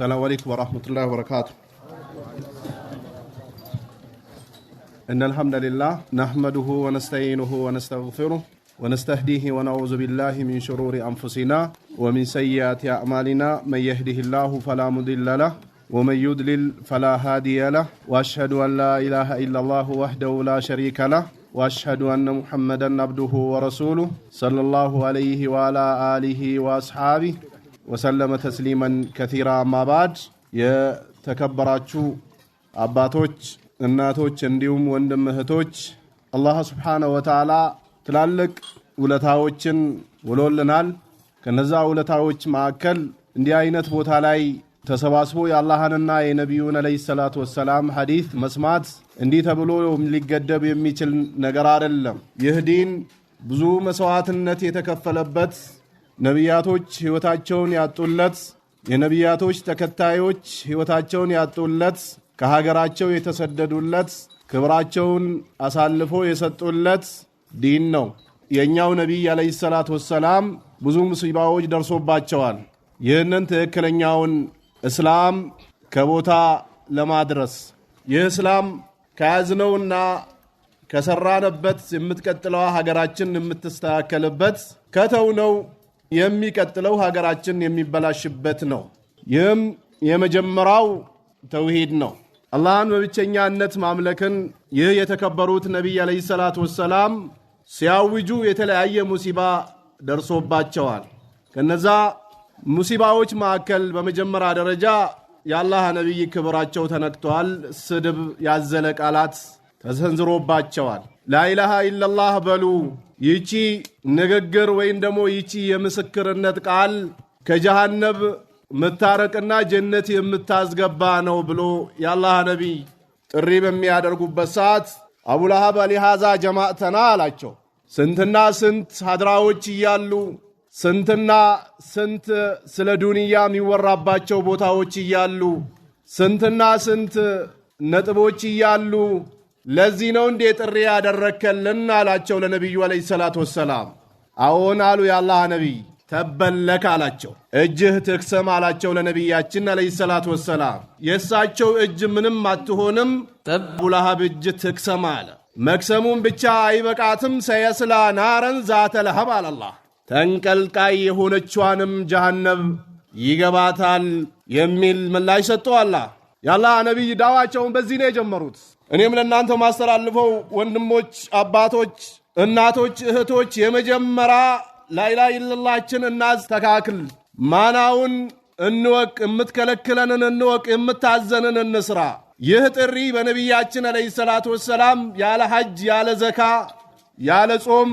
السلام عليكم ورحمة الله وبركاته إن الحمد لله نحمده ونستعينه ونستغفره ونستهديه ونعوذ بالله من شرور أنفسنا ومن سيئات أعمالنا من يهده الله فلا مضل له ومن يضلل فلا هادي له وأشهد أن لا إله إلا الله وحده لا شريك له وأشهد أن محمدا عبده ورسوله صلى الله عليه وعلى آله وأصحابه ወሰለመ ተስሊመን ከቲራ አማባድ የተከበራችሁ አባቶች፣ እናቶች እንዲሁም ወንድም እህቶች አላህ ስብሓነሁ ወተዓላ ትላልቅ ውለታዎችን ውሎልናል። ከነዛ ውለታዎች ማዕከል እንዲህ አይነት ቦታ ላይ ተሰባስቦ የአላህንና የነቢዩን ዓለይሂ ሰላት ወሰላም ሐዲስ መስማት እንዲህ ተብሎ ሊገደብ የሚችል ነገር አይደለም። ይህ ዲን ብዙ መስዋዕትነት የተከፈለበት ነቢያቶች ሕይወታቸውን ያጡለት፣ የነቢያቶች ተከታዮች ሕይወታቸውን ያጡለት፣ ከሀገራቸው የተሰደዱለት፣ ክብራቸውን አሳልፎ የሰጡለት ዲን ነው። የእኛው ነቢይ አለይሂ ሰላት ወሰላም ብዙ ሙሲባዎች ደርሶባቸዋል። ይህንን ትክክለኛውን እስላም ከቦታ ለማድረስ ይህ እስላም ከያዝነውና ከሰራነበት የምትቀጥለዋ ሀገራችን የምትስተካከልበት ከተውነው የሚቀጥለው ሀገራችን የሚበላሽበት ነው። ይህም የመጀመሪያው ተውሂድ ነው። አላህን በብቸኛነት ማምለክን ይህ የተከበሩት ነቢይ ዓለይሂ ሰላቱ ወሰላም ሲያውጁ የተለያየ ሙሲባ ደርሶባቸዋል። ከነዛ ሙሲባዎች መካከል በመጀመሪያ ደረጃ የአላህ ነቢይ ክብራቸው ተነክተዋል። ስድብ ያዘለ ቃላት ተሰንዝሮባቸዋል። ላኢላሃ ኢለላህ በሉ። ይቺ ንግግር ወይም ደግሞ ይቺ የምስክርነት ቃል ከጀሃነብ ምታረቅና ጀነት የምታስገባ ነው ብሎ የአላህ ነቢይ ጥሪ በሚያደርጉበት ሰዓት አቡላሃብ አሊሃዛ ጀማዕተና አላቸው። ስንትና ስንት ሀድራዎች እያሉ ስንትና ስንት ስለ ዱንያ የሚወራባቸው ቦታዎች እያሉ ስንትና ስንት ነጥቦች እያሉ ለዚህ ነው እንዴ ጥሪ ያደረከልን አላቸው ለነቢዩ ዓለይሂ ሰላቱ ወሰላም። አዎን አሉ የአላህ ነቢይ። ተበለከ አላቸው። እጅህ ትክሰም አላቸው ለነቢያችን ዓለይሂ ሰላቱ ወሰላም። የእሳቸው እጅ ምንም አትሆንም፣ አቡለሃብ እጅ ትክሰም አለ። መክሰሙም ብቻ አይበቃትም። ሰየስላ ናረን ዛተ ለሀብ አለላህ ተንቀልቃይ የሆነችዋንም ጀሃነብ ይገባታል የሚል ምላሽ ሰጥቶ አላ የአላህ ነቢይ ዳዋቸውን በዚህ ነው የጀመሩት። እኔም ለእናንተ ማስተላልፈው ወንድሞች፣ አባቶች፣ እናቶች፣ እህቶች የመጀመሪያ ላይላ ይልላችን እናስተካክል። ማናውን እንወቅ፣ የምትከለክለንን እንወቅ፣ የምታዘንን እንስራ። ይህ ጥሪ በነቢያችን አለይሂ ሰላቱ ወሰላም ያለ ሐጅ፣ ያለ ዘካ፣ ያለ ጾም፣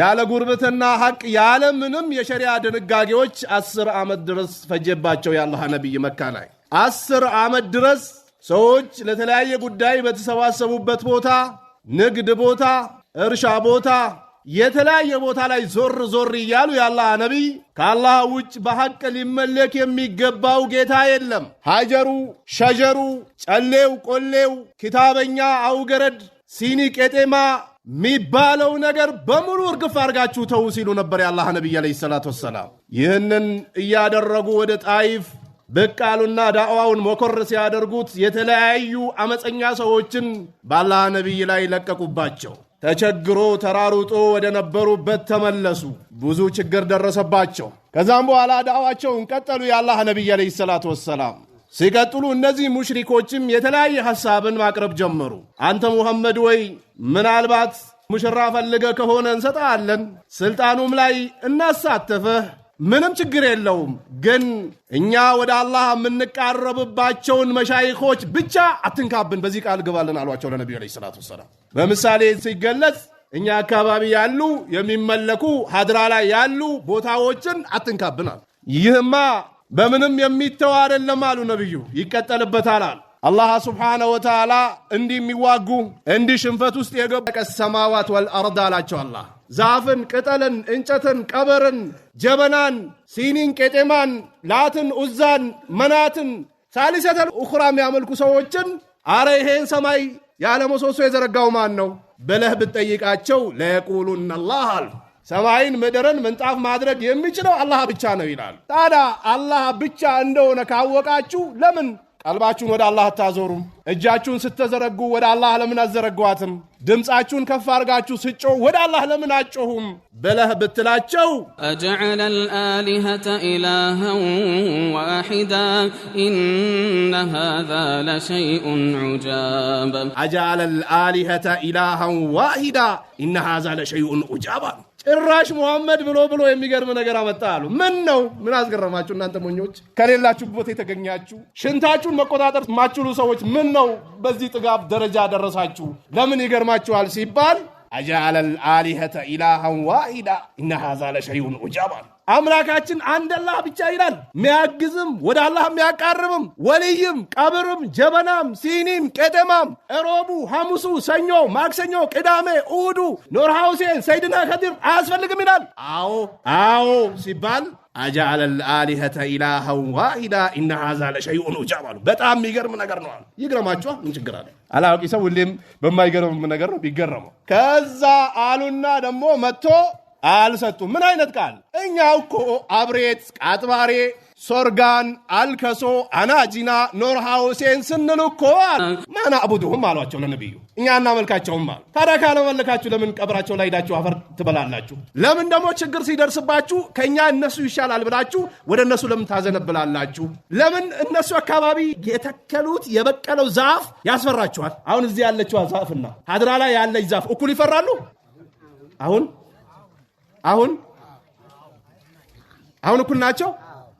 ያለ ጉርብትና ሐቅ፣ ያለ ምንም የሸሪያ ድንጋጌዎች አስር ዓመት ድረስ ፈጀባቸው። ያለሃ ነቢይ መካ ላይ አስር ዓመት ድረስ ሰዎች ለተለያየ ጉዳይ በተሰባሰቡበት ቦታ፣ ንግድ ቦታ፣ እርሻ ቦታ፣ የተለያየ ቦታ ላይ ዞር ዞር እያሉ የአላህ ነቢይ ከአላህ ውጭ በሐቅ ሊመለክ የሚገባው ጌታ የለም፣ ሀጀሩ፣ ሸጀሩ፣ ጨሌው፣ ቆሌው፣ ኪታበኛ፣ አውገረድ፣ ሲኒ፣ ቄጤማ የሚባለው ነገር በሙሉ እርግፍ አድርጋችሁ ተዉ ሲሉ ነበር የአላህ ነቢይ ዓለይሂ ሰላቱ ወሰላም። ይህንን እያደረጉ ወደ ጣይፍ በቃሉና ዳዕዋውን ሞኮር ሲያደርጉት የተለያዩ አመፀኛ ሰዎችን ባላ ነቢይ ላይ ለቀቁባቸው። ተቸግሮ ተራሩጦ ወደ ነበሩበት ተመለሱ። ብዙ ችግር ደረሰባቸው። ከዛም በኋላ ዳዕዋቸውን ቀጠሉ። የአላህ ነቢይ ዓለይሂ ሰላቱ ወሰላም ሲቀጥሉ እነዚህ ሙሽሪኮችም የተለያየ ሐሳብን ማቅረብ ጀመሩ። አንተ ሙሐመድ ወይ ምናልባት ሙሽራ ፈልገ ከሆነ እንሰጣለን፣ ስልጣኑም ላይ እናሳተፈህ ምንም ችግር የለውም። ግን እኛ ወደ አላህ የምንቃረብባቸውን መሻይኮች ብቻ አትንካብን፣ በዚህ ቃል ግባልን አሏቸው ለነቢዩ ዓለይሂ ሰላቱ ወሰላም። በምሳሌ ሲገለጽ እኛ አካባቢ ያሉ የሚመለኩ ሀድራ ላይ ያሉ ቦታዎችን አትንካብናል። ይህማ በምንም የሚተው አይደለም አሉ ነቢዩ። ይቀጠልበታል አሉ አላህ ስብሓነ ወተዓላ እንዲህ የሚዋጉ እንዲህ ሽንፈት ውስጥ የገቡ ሰማዋት ወልአርድ አላቸው አላህ ዛፍን፣ ቅጠልን፣ እንጨትን፣ ቀበርን፣ ጀበናን፣ ሲኒን፣ ቄጤማን፣ ላትን፣ ኡዛን፣ መናትን ሳሊሰተል ኡኩራ የሚያመልኩ ሰዎችን አረ ይሄን ሰማይ ያለ ምሰሶ የዘረጋው ማን ነው ብለህ ብትጠይቃቸው ለየቁሉና አሉ። ሰማይን ምድርን ምንጣፍ ማድረግ የሚችለው አላህ ብቻ ነው ይላል። ታዲያ አላህ ብቻ እንደሆነ ካወቃችሁ ለምን ቀልባችሁን ወደ አላህ አታዞሩም። እጃችሁን ስተዘረጉ ወደ አላህ ለምን አዘረጓትም? ድምፃችሁን ከፍ አድርጋችሁ ስጮሁ ወደ አላህ ለምን አጮሁም ብለህ ብትላቸው አጀዐለ አልአሊሀተ ኢላሃን ዋሒዳ ኢነ ሃዛ ለሸይኡን ዑጃብ አጀዐለ አልአሊሀተ ኢላሃን ዋሒዳ ኢነ ሃዛ ለሸይኡን ዑጃብ አሉ ጭራሽ መሐመድ ብሎ ብሎ የሚገርም ነገር አመጣ አሉ። ምን ነው? ምን አስገረማችሁ እናንተ ሞኞች? ከሌላችሁበት የተገኛችሁ ሽንታችሁን መቆጣጠር ማችሉ ሰዎች ምን ነው በዚህ ጥጋብ ደረጃ ደረሳችሁ? ለምን ይገርማችኋል ሲባል አጃአለል አሊሀተ ኢላሃን ዋሂዳ ኢነ ሃዛ ለሸይኡን ዑጃብ አሉ። አምላካችን አንድ አላህ ብቻ ይላል። ሚያግዝም ወደ አላህ ሚያቃርብም ወልይም፣ ቀብርም፣ ጀበናም፣ ሲኒም፣ ቄጠማም፣ እሮቡ፣ ሐሙሱ፣ ሰኞ፣ ማክሰኞ፣ ቅዳሜ፣ እሁዱ፣ ኖር ሐውሴን፣ ሰይድና ከዲር አያስፈልግም ይላል። አዎ አዎ ሲባል አጃለ ልአሊሀተ ኢላሃን ዋሂዳ እና ሀዛ ለሸይኡን ኡጃብ አሉ። በጣም የሚገርም ነገር ነው አሉ። ይግረማችኋል። ምን ችግር አለ? አላዋቂ ሰው ሁሌም በማይገርም ነገር ነው ቢገረመው። ከዛ አሉና ደግሞ መጥቶ አልሰጡም። ምን አይነት ቃል! እኛ እኮ አብሬት፣ ቃጥባሬ፣ ሶርጋን፣ አልከሶ፣ አናጂና፣ ኖርሃውሴን ስንል እኮ ማናዕቡድሁም አሏቸው ለነቢዩ። እኛ እናመልካቸውም አሉ። ታዲያ ካለመለካችሁ ለምን ቀብራቸው ላይ ሄዳችሁ አፈር ትበላላችሁ? ለምን ደግሞ ችግር ሲደርስባችሁ ከእኛ እነሱ ይሻላል ብላችሁ ወደ እነሱ ለምን ታዘነብላላችሁ? ለምን እነሱ አካባቢ የተከሉት የበቀለው ዛፍ ያስፈራችኋል? አሁን እዚህ ያለችዋ ዛፍና ሀድራ ላይ ያለች ዛፍ እኩል ይፈራሉ? አሁን አሁን አሁን እኩል ናቸው።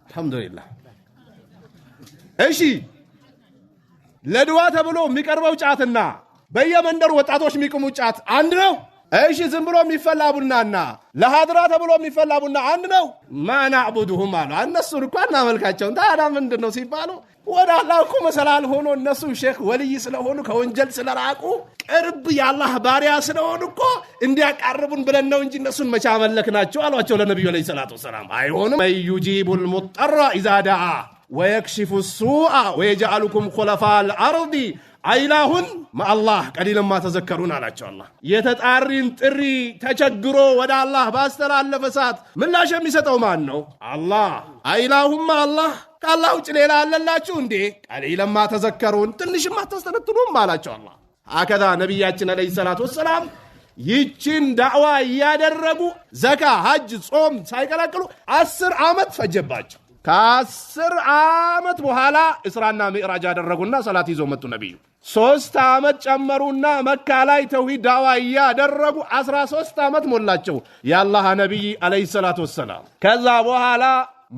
አልሐምዱሊላህ። እሺ ለድዋ ተብሎ የሚቀርበው ጫትና በየመንደሩ ወጣቶች የሚቅሙ ጫት አንድ ነው። እሺ ዝም ብሎ የሚፈላ ቡናና ለሀድራ ተብሎ የሚፈላ ቡና አንድ ነው። ማናዕቡድሁም አሉ እነሱን እኳ እናመልካቸው። ታዲያ ምንድን ነው ሲባሉ ወደ አላህ እኮ መሰላል ሆኖ እነሱ ሼክ ወልይ ስለሆኑ ከወንጀል ስለራቁ ቅርብ የአላህ ባሪያ ስለሆኑ እኮ እንዲያቃርቡን ብለን ነው እንጂ እነሱን መቼ አመለክናቸው አሏቸው ለነቢዩ ለ ሰላት ወሰላም። አይሆንም ዩጂቡ ልሙጠራ ኢዛ ዳአ ወየክሽፉ ሱአ ወየጃአሉኩም ኮለፋ ልአርዲ አይላሁን ማአላህ ቀሊልማ ተዘከሩን አላቸው። አላህ የተጣሪን ጥሪ ተቸግሮ ወደ አላህ ባስተላለፈ ሰዓት ምላሽ የሚሰጠው ማን ነው? አላህ አይላሁም ማአላህ ከአላህ ውጭ ሌላ አለላችሁ እንዴ? ቀሊለማ ተዘከሩን ትንሽም አታስተነትሉም አላቸው አላ አከዛ ነቢያችን ዓለይሂ ሰላቱ ወሰላም ይችን ዳዕዋ እያደረጉ ዘካ፣ ሐጅ፣ ጾም ሳይቀላቅሉ አስር ዓመት ፈጀባቸው። ከአስር ዓመት በኋላ እስራና ምዕራጅ አደረጉና ሰላት ይዘው መጡ ነቢዩ። ሶስት ዓመት ጨመሩና መካ ላይ ተውሂድ ዳዋ እያደረጉ አስራ ሶስት ዓመት ሞላቸው የአላህ ነቢይ ዓለይሂ ሰላቱ ወሰላም። ከዛ በኋላ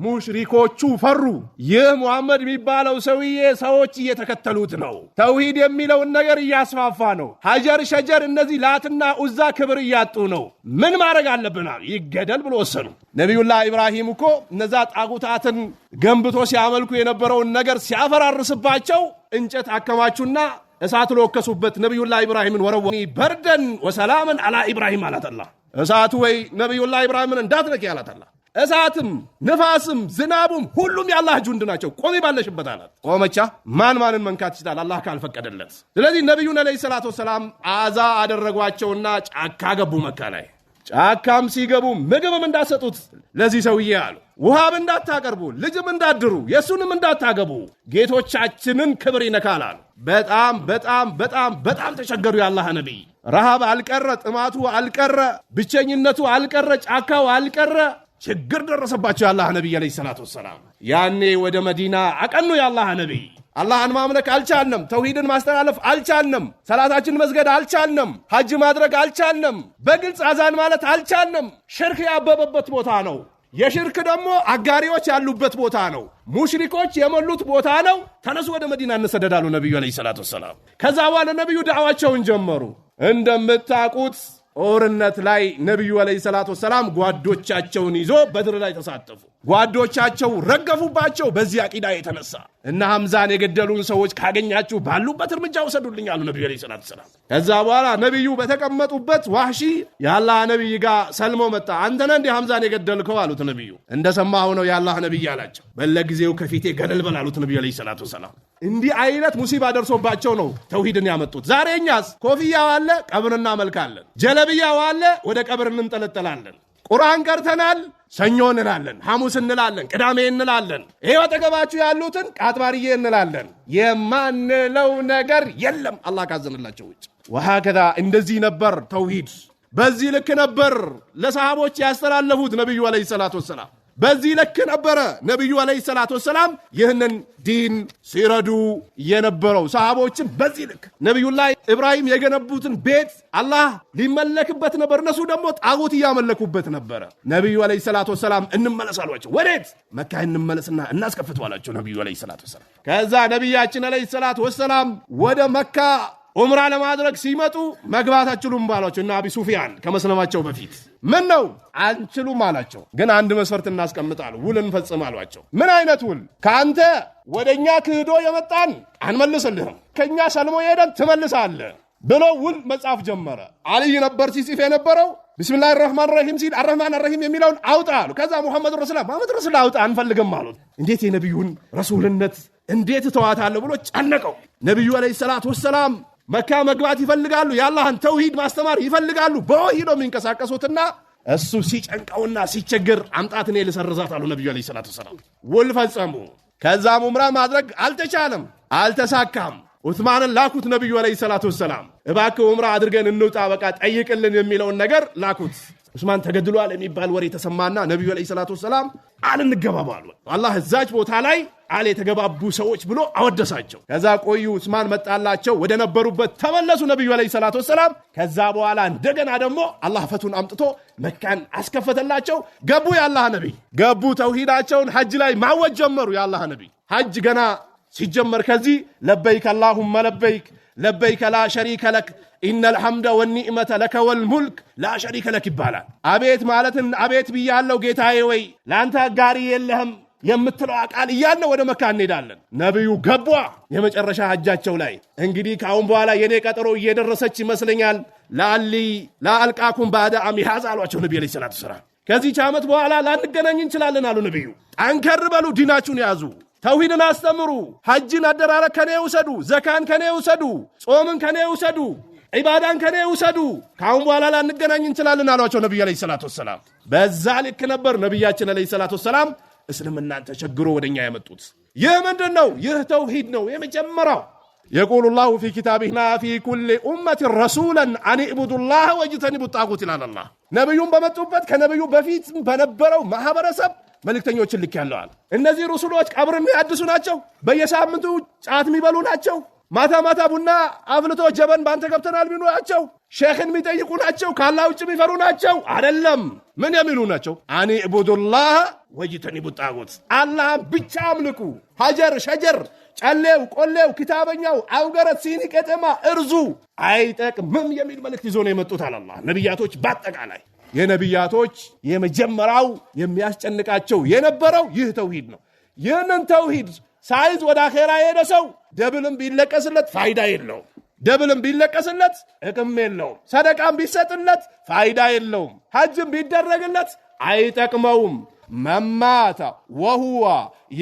ሙሽሪኮቹ ፈሩ። ይህ ሙሐመድ የሚባለው ሰውዬ ሰዎች እየተከተሉት ነው። ተውሂድ የሚለውን ነገር እያስፋፋ ነው። ሀጀር ሸጀር፣ እነዚህ ላትና ኡዛ ክብር እያጡ ነው። ምን ማድረግ አለብናል? ይገደል ብሎ ወሰኑ። ነቢዩላህ ኢብራሂም እኮ እነዛ ጣጉታትን ገንብቶ ሲያመልኩ የነበረውን ነገር ሲያፈራርስባቸው እንጨት አከማቹና እሳት ለወከሱበት። ነቢዩላህ ኢብራሂምን ወረወ በርደን ወሰላምን አላ ኢብራሂም አላተላ እሳቱ ወይ ነቢዩላህ ኢብራሂምን እንዳትነኪ አላተላ እሳትም ንፋስም ዝናቡም ሁሉም የአላህ ጁንድ ናቸው። ቆሚ ባለሽበት አላት። ቆመቻ። ማን ማንን መንካት ይችላል? አላህ ካልፈቀደለት። ስለዚህ ነቢዩን ዓለይሂ ሰላቱ ወሰላም አዛ አደረጓቸውና ጫካ ገቡ መካ ላይ። ጫካም ሲገቡ ምግብም እንዳትሰጡት ለዚህ ሰውዬ አሉ። ውሃም እንዳታቀርቡ፣ ልጅም እንዳድሩ፣ የእሱንም እንዳታገቡ፣ ጌቶቻችንን ክብር ይነካል አሉ። በጣም በጣም በጣም በጣም ተቸገሩ። የአላህ ነቢይ ረሃብ አልቀረ፣ ጥማቱ አልቀረ፣ ብቸኝነቱ አልቀረ፣ ጫካው አልቀረ ችግር ደረሰባቸው የአላህ ነቢይ ዓለይሂ ሰላቱ ወሰላም። ያኔ ወደ መዲና አቀኑ። የአላህ ነቢይ አላህን ማምለክ አልቻልንም፣ ተውሂድን ማስተላለፍ አልቻልንም፣ ሰላታችን መስገድ አልቻልንም፣ ሐጅ ማድረግ አልቻልንም፣ በግልጽ አዛን ማለት አልቻልንም። ሽርክ ያበበበት ቦታ ነው። የሽርክ ደግሞ አጋሪዎች ያሉበት ቦታ ነው። ሙሽሪኮች የሞሉት ቦታ ነው። ተነሱ ወደ መዲና እንሰደዳሉ ነቢዩ ዓለይሂ ሰላቱ ወሰላም። ከዛ በኋላ ነቢዩ ዳዕዋቸውን ጀመሩ። እንደምታውቁት ጦርነት ላይ ነቢዩ አለይሂ ሰላቱ ወሰላም ጓዶቻቸውን ይዞ በድር ላይ ተሳተፉ። ጓዶቻቸው ረገፉባቸው። በዚህ አቂዳ የተነሳ እና ሐምዛን የገደሉን ሰዎች ካገኛችሁ ባሉበት እርምጃ ውሰዱልኝ አሉ ነቢዩ አለይሂ ሰላቱ ወሰላም። ከዛ በኋላ ነቢዩ በተቀመጡበት ዋህሺ የአላህ ነቢይ ጋር ሰልሞ መጣ። አንተነ እንዲህ ሐምዛን የገደልከው አሉት ነቢዩ። እንደሰማሁ ነው የአላህ ነቢይ አላቸው። በለጊዜው ከፊቴ ገለል በላሉት አሉት ነቢዩ አለይሂ ሰላቱ ወሰላም። እንዲህ አይነት ሙሲባ ደርሶባቸው ነው ተውሂድን ያመጡት። ዛሬ እኛስ ኮፍያ ዋለ ቀብር እናመልካለን፣ ጀለብያ ዋለ ወደ ቀብር እንንጠለጠላለን፣ ቁርአን ቀርተናል ሰኞ እንላለን፣ ሐሙስ እንላለን፣ ቅዳሜ እንላለን፣ ይሄ አጠገባችሁ ያሉትን ቃጥባርዬ እንላለን። የማንለው ነገር የለም አላህ ካዘንላቸው ውጭ። ወሃከዛ እንደዚህ ነበር ተውሂድ፣ በዚህ ልክ ነበር ለሰሃቦች ያስተላለፉት ነቢዩ ዓለይሂ ሰላቱ ወሰላም። በዚህ ልክ ነበረ ነቢዩ ዓለይሂ ሰላት ወሰላም ይህንን ዲን ሲረዱ የነበረው። ሰሃቦችን በዚህ ልክ ነቢዩላህ ኢብራሂም የገነቡትን ቤት አላህ ሊመለክበት ነበር፣ እነሱ ደግሞ ጣዖት እያመለኩበት ነበረ። ነቢዩ ዓለይሂ ሰላት ወሰላም እንመለስ አሏቸው። ወዴት? መካ እንመለስና እናስከፍተዋላቸው ነቢዩ ዓለይሂ ሰላት ወሰላም። ከዛ ነቢያችን ዓለይሂ ሰላት ወሰላም ወደ መካ ዑምራ ለማድረግ ሲመጡ መግባት አችሉም ባሏቸው እና አቢ ሱፊያን ከመስለማቸው በፊት ምን ነው አንችሉም አላቸው። ግን አንድ መስፈርት እናስቀምጣሉ፣ ውል እንፈጽም አሏቸው። ምን አይነት ውል? ከአንተ ወደ እኛ ክህዶ የመጣን አንመልስልህም፣ ከእኛ ሰልሞ የሄደን ትመልሳለህ ብሎ ውል መጻፍ ጀመረ። አልይ ነበር ሲጽፍ የነበረው ቢስሚላህ ረህማን ረሂም ሲል አረህማን ረሂም የሚለውን አውጣ አሉ። ከዛ ሙሐመድ ረሱላ ሙሐመድ ረሱላ አውጣ አንፈልግም አሉት። እንዴት የነቢዩን ረሱልነት እንዴት እተዋታለሁ ብሎ ጨነቀው። ነቢዩ ዓለይሂ ሰላቱ ወሰላም መካ መግባት ይፈልጋሉ። የአላህን ተውሂድ ማስተማር ይፈልጋሉ። በወሂ ነው የሚንቀሳቀሱትና እሱ ሲጨንቀውና ሲቸግር አምጣት እኔ ልሰርዛት አሉ ነቢዩ ዓለይሂ ሰላቱ ወሰላም። ውል ፈጸሙ። ከዛም ኡምራ ማድረግ አልተቻለም፣ አልተሳካም። ዑትማንን ላኩት ነቢዩ ዓለይሂ ሰላቱ ወሰላም፣ እባክህ ኡምራ አድርገን እንውጣ፣ በቃ ጠይቅልን የሚለውን ነገር ላኩት። ዑስማን ተገድሏል የሚባል ወሬ የተሰማና ነቢዩ ዐለይሂ ሰላቱ ወሰላም አልንገባባሉ አላህ እዛች ቦታ ላይ አል የተገባቡ ሰዎች ብሎ አወደሳቸው። ከዛ ቆዩ፣ ዑስማን መጣላቸው፣ ወደ ነበሩበት ተመለሱ ነቢዩ ዐለይሂ ሰላቱ ወሰላም። ከዛ በኋላ እንደገና ደግሞ አላህ ፈቱን አምጥቶ መካን አስከፈተላቸው። ገቡ፣ የአላህ ነቢይ ገቡ። ተውሂዳቸውን ሐጅ ላይ ማወጅ ጀመሩ። የአላህ ነቢይ ሐጅ ገና ሲጀመር ከዚህ ለበይክ አላሁመ ለበይክ ለበይከ ላ ሸሪከ ለክ ኢነል ሐምደ ወኒዕመተ ለከ ወልሙልክ ላ ሸሪከ ለክ ይባላል። አቤት ማለትን አቤት ብያለው ጌታዬ ወይ ለአንተ ጋሪ የለህም የምትለው ቃል እያለ ወደ መካ እንሄዳለን። ነቢዩ ገቧ የመጨረሻ ሀጃቸው ላይ እንግዲህ ከአሁን በኋላ የኔ ቀጠሮ እየደረሰች ይመስለኛል ለአሊ ለአልቃኩም ባዕደ አሚ አሏቸው ነቢ ዐለይሂ ሰላቱ ሰላም። ከዚህች ዓመት በኋላ ላንገናኝ እንችላለን አሉ ነቢዩ። ጠንከር በሉ ዲናችሁን ያዙ ተውሂድን አስተምሩ። ሐጅን አደራረግ ከኔ ውሰዱ። ዘካን ከኔ ውሰዱ። ጾምን ከኔ ውሰዱ። ዒባዳን ከኔ ውሰዱ። ከአሁን በኋላ ላንገናኝ እንችላለን አሏቸው ነቢዩ ዓለይሂ ሰላቱ ወሰላም። በዛ ልክ ነበር ነቢያችን ዓለይሂ ሰላቱ ወሰላም እስልምናን ተቸግሮ ወደ እኛ ያመጡት። ይህ ምንድን ነው? ይህ ተውሂድ ነው። የመጀመሪያው የቁሉ ላሁ ፊ ኪታቢሂና ፊ ኩሊ ኡመት ረሱለን አን ዕቡዱ ላህ ወጅተኒቡ ጣጉት ይላል አላህ። ነቢዩን በመጡበት ከነቢዩ በፊት በነበረው ማህበረሰብ መልእክተኞችን ልክ ያለዋል። እነዚህ ሩሱሎች ቀብር የሚያድሱ ናቸው። በየሳምንቱ ጫት የሚበሉ ናቸው። ማታ ማታ ቡና አፍልቶ ጀበን ባንተ ገብተናል ሚሉ ናቸው። ሼክን የሚጠይቁ ናቸው። ካላ ውጭ የሚፈሩ ናቸው። አደለም። ምን የሚሉ ናቸው? አኒ ዕቡዱላህ ወጅተኒቡ ቡጣጎት አላህን ብቻ አምልኩ። ሀጀር ሸጀር፣ ጨሌው፣ ቆሌው፣ ኪታበኛው፣ አውገረት ሲኒ፣ ቀጠማ እርዙ አይጠቅምም የሚል መልእክት ይዞ ነው የመጡት አላላ ነቢያቶች በአጠቃላይ የነቢያቶች የመጀመሪያው የሚያስጨንቃቸው የነበረው ይህ ተውሂድ ነው። ይህንን ተውሂድ ሳይዝ ወደ አኼራ የሄደ ሰው ደብልም ቢለቀስለት ፋይዳ የለውም። ደብልም ቢለቀስለት እቅም የለውም። ሰደቃም ቢሰጥለት ፋይዳ የለውም። ሐጅም ቢደረግለት አይጠቅመውም። መማታ ወሁዋ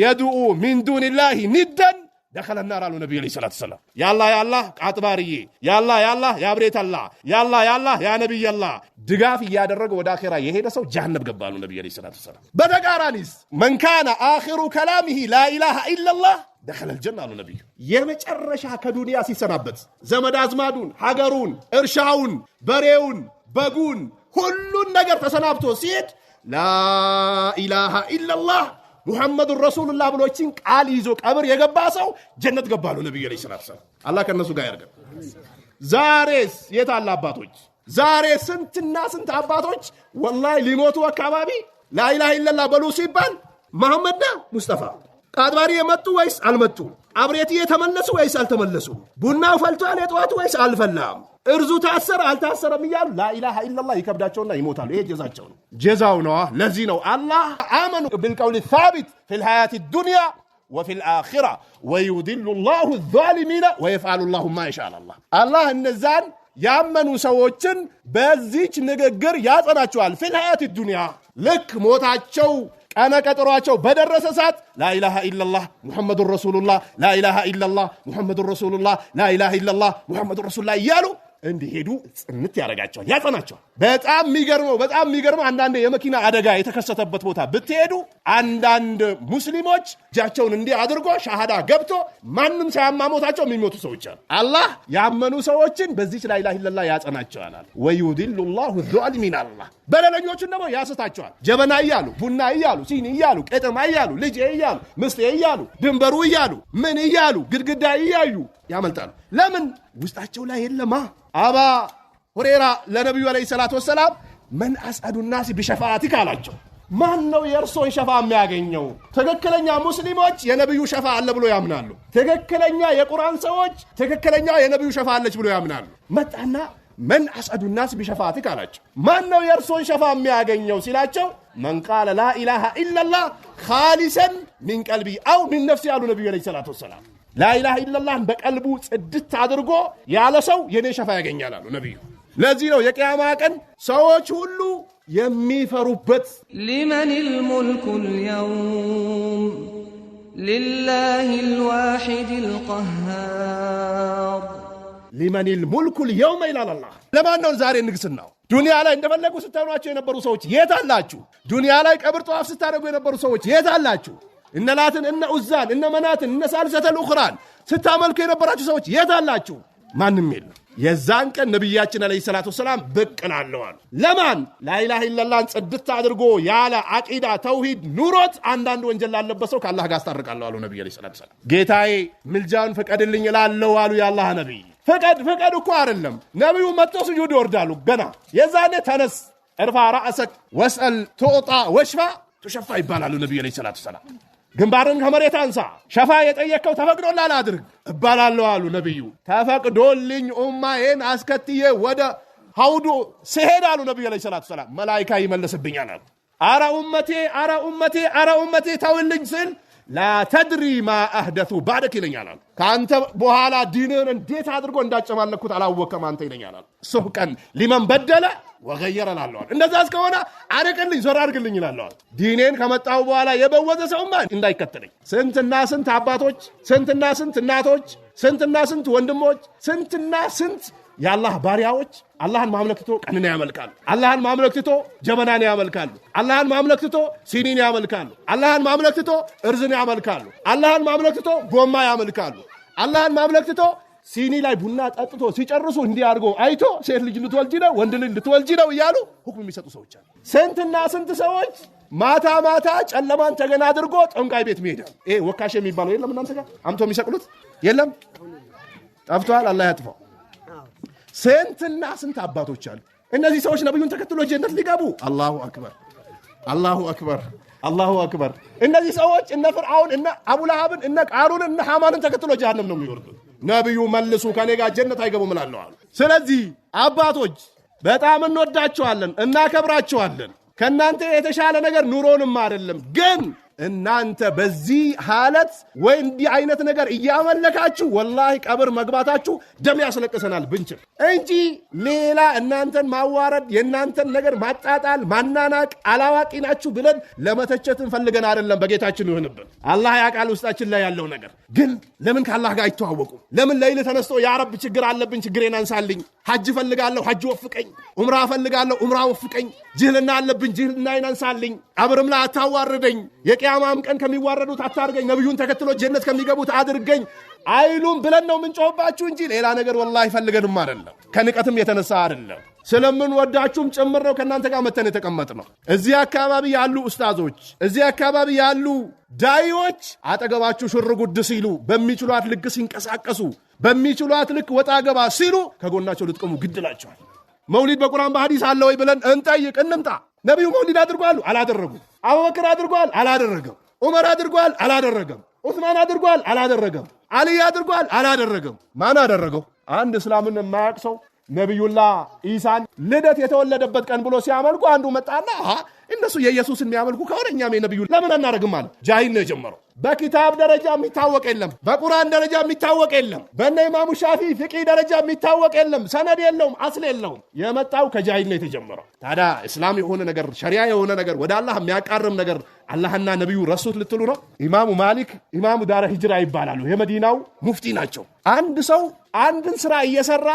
የድኡ ሚን ዱንላሂ ኒደን ደኸለ ናር አሉ ነቢዩ ዐለይሂ ሰላቱ ሰላም። ያላ ያላ አጥባርዬ ያላ ያላ የአብሬት አላ ያላ ያላ ድጋፍ እያደረገ ወደ አኼራ የሄደ ሰው ጀሃነብ ገባ አሉ ነቢዩ ዐለይሂ ሰላቱ ሰላም። በተቃራኒስ መንካነ አኺሩ ከላሚሂ ላኢላሃ ኢለላህ ደኸለል ጀና አሉ ነቢዩ። የመጨረሻ ከዱንያ ሲሰናበት ዘመድ አዝማዱን፣ ሀገሩን፣ እርሻውን፣ በሬውን፣ በጉን ሁሉን ነገር ተሰናብቶ ሲሄድ ላኢላሃ ኢለላህ ሙሐመዱን ረሱሉላህ ብሎችን ቃል ይዞ ቀብር የገባ ሰው ጀነት ገባሉ። ነቢዩ ዐለይሂ ሰላቱ ወሰላም አላህ ከእነሱ ጋር ያድርገን። ዛሬስ የት አለ አባቶች? ዛሬ ስንትና ስንት አባቶች ወላሂ ሊሞቱ አካባቢ ላኢላሃ ኢለላህ በሉ ሲባል መሐመድና ሙስጠፋ ቃጥባሪ የመጡ ወይስ አልመጡም? አብሬቲ የተመለሱ ወይስ አልተመለሱ? ቡናው ፈልቷል የጠዋቱ ወይስ አልፈላም? እርዙ ታሰረ አልታሰረም እያሉ ላኢላሃ ኢለላህ ይከብዳቸውና ይሞታሉ። ይሄ ጀዛቸው ነው፣ ጀዛው ነዋ። ለዚህ ነው አላህ አመኑ ብልቀውል ሳቢት ፊል ሀያት ዱንያ وفي الآخرة ويذل الله الظالمين ويفعل الله ما يشاء الله الله النزان ያመኑ ሰዎችን በዚች ንግግር ያጸናቸዋል። ፊል ሀያት ዱንያ ልክ ሞታቸው ቀነ ቀጠሯቸው በደረሰ ሰዓት ላኢላሃ ኢላላህ ሙሐመዱን ረሱሉላህ ላኢላሃ ኢላላህ ሙሐመዱን ረሱሉላህ ላኢላሃ ኢላላህ ሙሐመዱን ረሱሉላህ እያሉ እንዲሄዱ ጽንት ያደርጋቸዋል፣ ያጸናቸዋል። በጣም የሚገርመው በጣም የሚገርመው አንዳንድ የመኪና አደጋ የተከሰተበት ቦታ ብትሄዱ አንዳንድ ሙስሊሞች እጃቸውን እንዲህ አድርጎ ሻሃዳ ገብቶ ማንም ሳያማሞታቸው የሚሞቱ ሰዎች አሉ። አላህ ያመኑ ሰዎችን በዚች ላይ ላ ለላ ያጸናቸዋል። ወዩድሉ ላሁ ዛሊሚን አላህ በደለኞቹን ደግሞ ያስታቸዋል። ጀበና እያሉ ቡና እያሉ ሲኒ እያሉ ቅጥማ እያሉ ልጅ እያሉ ምስቴ እያሉ ድንበሩ እያሉ ምን እያሉ ግድግዳ እያዩ ያመልጣሉ። ለምን? ውስጣቸው ላይ የለማ። አባ ሁሬራ ለነቢዩ ዓለይሂ ሰላቱ ወሰላም መን አስአዱ ናሲ ቢሸፋአቲክ አላቸው። ማን ነው የእርሶን ሸፋ የሚያገኘው? ትክክለኛ ሙስሊሞች የነቢዩ ሸፋ አለ ብሎ ያምናሉ። ትክክለኛ የቁርአን ሰዎች ትክክለኛ የነቢዩ ሸፋ አለች ብሎ ያምናሉ። መጣና መን አስአዱ ናስ ቢሸፋአቲክ አላቸው። ማን ነው የእርሶን ሸፋ የሚያገኘው ሲላቸው መን ቃለ ላኢላሃ ኢላላህ ካሊሰን ሚን ቀልቢ አው ሚን ነፍሲ አሉ ነቢዩ ዓለይሂ ሰላቱ ወሰላም ላኢላህ ኢለላህን በቀልቡ ጽድት አድርጎ ያለ ሰው የኔ ሸፋ ያገኛል አሉ ነቢዩ። ለዚህ ነው የቅያማ ቀን ሰዎች ሁሉ የሚፈሩበት። ሊመን ልሙልኩ ልየውም ልላህ ልዋሒድ ልቀሃር ሊመን ልሙልኩ ልየውመ ይላል አላህ። ለማን ነው ዛሬ ንግስናው? ዱንያ ላይ እንደፈለጉ ስታኗቸው የነበሩ ሰዎች የት አላችሁ? ዱንያ ላይ ቀብር ጠዋፍ ስታደርጉ የነበሩ ሰዎች የት አላችሁ? እነ ላትን እነ ኡዛን እነ መናትን እነ ሳልሰተል ኡኽራን ስታመልኩ የነበራችሁ ሰዎች የት አላችሁ? ማንም የለም። የዛን ቀን ነቢያችን ዓለይሂ ሰላቱ ወሰላም ብቅ ላለሁ ለማን ላኢላሃ ኢለላህን ጽድት አድርጎ ያለ አቂዳ ተውሂድ ኑሮት አንዳንድ ወንጀል ላለበት ሰው ከአላህ ጋር አስታርቃለሁ አሉ ነቢዩ ዓለይሂ ሰላቱ ወሰላም። ጌታዬ ምልጃውን ፍቀድልኝ እላለሁ አሉ የአላህ ነቢይ። ፍቀድ ፍቀድ እኮ አይደለም ነቢዩ መጥቶ ስጁድ ይወርዳሉ። ገና የዛኔ ተነስ እርፋ ራእሰክ ወስአል ትዑጣ ወሽፋ ቱሸፋ ይባላሉ ነቢዩ ዓለይሂ ሰላቱ ወሰላም ግንባርን ከመሬት አንሳ፣ ሸፋ የጠየቀው ተፈቅዶላል አድርግ እባላለሁ አሉ ነቢዩ። ተፈቅዶልኝ ኡማዬን አስከትዬ ወደ ሀውዱ ስሄድ አሉ ነቢዩ ለ ሰላት ሰላም መላይካ ይመልስብኛል አሉ። አረ ኡመቴ፣ አረ ኡመቴ፣ አረ ኡመቴ ተውልኝ ስል ላተድሪ ማ አህደቱ ባደክ ይለኛል። ከአንተ በኋላ ዲንህን እንዴት አድርጎ እንዳጨማለኩት አላወቀም አንተ ይለኛል። ሱህ ቀን ሊመን በደለ ወገየረ ላለዋል። እንደዛ እስከሆነ አርቅልኝ፣ ዞር አድርግልኝ ይላለዋል። ዲኔን ከመጣሁ በኋላ የበወዘ ሰውማ እንዳይከተለኝ። ስንትና ስንት አባቶች፣ ስንትና ስንት እናቶች፣ ስንትና ስንት ወንድሞች፣ ስንትና ስንት የአላህ ባሪያዎች አላህን ማምለክትቶ ቀንን ያመልካሉ። አላህን ማምለክትቶ ጀበናን ያመልካሉ። አላህን ማምለክትቶ ሲኒን ያመልካሉ። አላህን ማምለክትቶ እርዝን ያመልካሉ። አላህን ማምለክትቶ ጎማ ያመልካሉ። አላህን ማምለክትቶ ሲኒ ላይ ቡና ጠጥቶ ሲጨርሱ እንዲህ አድርጎ አይቶ ሴት ልጅ ልትወልጂ ነው ወንድ ልጅ ልትወልጂ ነው እያሉ ሁክም የሚሰጡ ሰዎች አሉ። ስንትና ስንት ሰዎች ማታ ማታ ጨለማን ተገና አድርጎ ጠንቋይ ቤት መሄድ ይሄ ወካሽ የሚባለው የለም። እናንተ ጋር አምቶ የሚሰቅሉት የለም። ጠፍቷል። አላህ ያጥፋው። ስንትና ስንት አባቶች አሉ። እነዚህ ሰዎች ነቢዩን ተከትሎ ጀነት ሊገቡ አላሁ አክበር፣ አላሁ አክበር፣ አላሁ አክበር። እነዚህ ሰዎች እነ ፍርአውን እነ አቡላሃብን፣ እነ ቃሩን፣ እነ ሐማንን ተከትሎ ጀሃንም ነው የሚወርዱት። ነቢዩ መልሱ ከኔ ጋር ጀነት አይገቡም እላለሁ ስለዚህ አባቶች በጣም እንወዳቸዋለን፣ እናከብራቸዋለን። ከእናንተ የተሻለ ነገር ኑሮንም አይደለም ግን እናንተ በዚህ ሐለት ወይ እንዲህ አይነት ነገር እያመለካችሁ ወላሂ ቀብር መግባታችሁ ደም ያስለቅሰናል ብንችል እንጂ ሌላ እናንተን ማዋረድ የእናንተን ነገር ማጣጣል፣ ማናናቅ አላዋቂ ናችሁ ብለን ለመተቸትን ፈልገን አይደለም። በጌታችን ይሁንብን። አላህ ያውቃል ውስጣችን ላይ ያለው ነገር። ግን ለምን ከአላህ ጋር አይተዋወቁ? ለምን ለይል ተነስቶ የአረብ ችግር አለብን ችግሬን አንሳልኝ፣ ሐጅ እፈልጋለሁ ሐጅ ወፍቀኝ፣ ኡምራ እፈልጋለሁ ኡምራ ወፍቀኝ፣ ጅህልና አለብን ጅህልናይን አንሳልኝ አብርም ላይ አታዋርደኝ፣ የቅያማም ቀን ከሚዋረዱት አታርገኝ፣ ነቢዩን ተከትሎ ጀነት ከሚገቡት አድርገኝ አይሉም ብለን ነው ምንጮባችሁ እንጂ ሌላ ነገር ወላ ይፈልገንም አደለም። ከንቀትም የተነሳ አደለም። ስለምንወዳችሁም ጭምር ነው ከእናንተ ጋር መተን የተቀመጥ ነው። እዚህ አካባቢ ያሉ ኡስታዞች፣ እዚህ አካባቢ ያሉ ዳይዎች አጠገባችሁ ሽር ጉድ ሲሉ በሚችሏት ልክ ሲንቀሳቀሱ በሚችሏት ልክ ወጣ ገባ ሲሉ ከጎናቸው ልትቆሙ ግድላቸዋል። መውሊድ በቁርአን በሐዲስ አለ ወይ ብለን እንጠይቅ እንምጣ። ነቢዩ መውሊድ አድርጓሉ? አላደረጉም። አቡበክር አድርጓል? አላደረገም። ዑመር አድርጓል? አላደረገም። ዑስማን አድርጓል? አላደረገም። አልይ አድርጓል? አላደረገም። ማን አደረገው? አንድ እስላምን የማያቅ ሰው ነቢዩላ ኢሳን ልደት የተወለደበት ቀን ብሎ ሲያመልኩ አንዱ መጣና እነሱ የኢየሱስን የሚያመልኩ ከሆነ እኛም የነቢዩ ለምን አናደርግም? አለ። ጃሂል ነው የጀመረው። በኪታብ ደረጃ የሚታወቅ የለም። በቁርአን ደረጃ የሚታወቅ የለም። በነ ኢማሙ ሻፊ ፍቂ ደረጃ የሚታወቅ የለም። ሰነድ የለውም፣ አስል የለውም። የመጣው ከጃሂል ነው የተጀመረው። ታዲያ እስላም የሆነ ነገር ሸሪያ የሆነ ነገር ወደ አላህ የሚያቃርም ነገር አላህና ነቢዩ ረሱት ልትሉ ነው? ኢማሙ ማሊክ ኢማሙ ዳረ ሂጅራ ይባላሉ። የመዲናው ሙፍቲ ናቸው። አንድ ሰው አንድን ስራ እየሰራ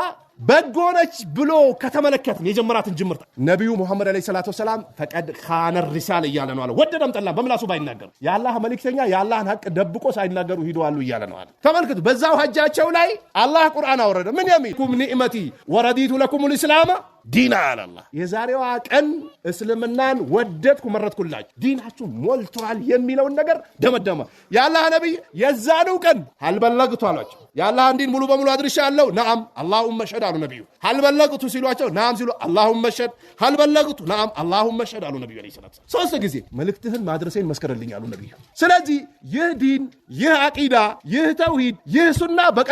በጎነች ብሎ ከተመለከትን የጀመራትን ጅምርታ ነቢዩ ሙሐመድ ዐለይሂ ሰላቱ ወሰላም ፈቀድ ካነ ሪሳል እያለ ነው አለ። ወደደም ጠላ በምላሱ ባይናገሩ የአላህ መልእክተኛ የአላህን ሀቅ ደብቆ ሳይናገሩ ሂደዋሉ እያለ ነው አለ። ተመልክቱ፣ በዛው ሀጃቸው ላይ አላህ ቁርአን አወረደ። ምን የሚል ኩም ኒዕመቲ ወረዲቱ ለኩም ልእስላማ ዲን አላላ የዛሬዋ ቀን እስልምናን ወደድኩ መረጥኩላችሁ፣ ዲናችሁ ሞልቷል የሚለውን ነገር ደመደመ። የአላህ ነቢይ የዛኔው ቀን አልበለግቱ አሏቸው። የአላህን ዲን ሙሉ በሙሉ አድርሻ አለው። ነአም አላሁመ ሸድ አሉ ነቢዩ። አልበለግቱ ሲሏቸው ነአም ሲሉ አላሁመ ሸድ፣ አልበለግቱ ነአም አላሁመ ሸድ አሉ ነቢዩ ዐለይሂ ሰላም። ሶስት ጊዜ መልእክትህን ማድረሴን መስከረልኝ አሉ ነቢዩ። ስለዚህ ይህ ዲን ይህ አቂዳ ይህ ተውሂድ ይህ ሱና በቀ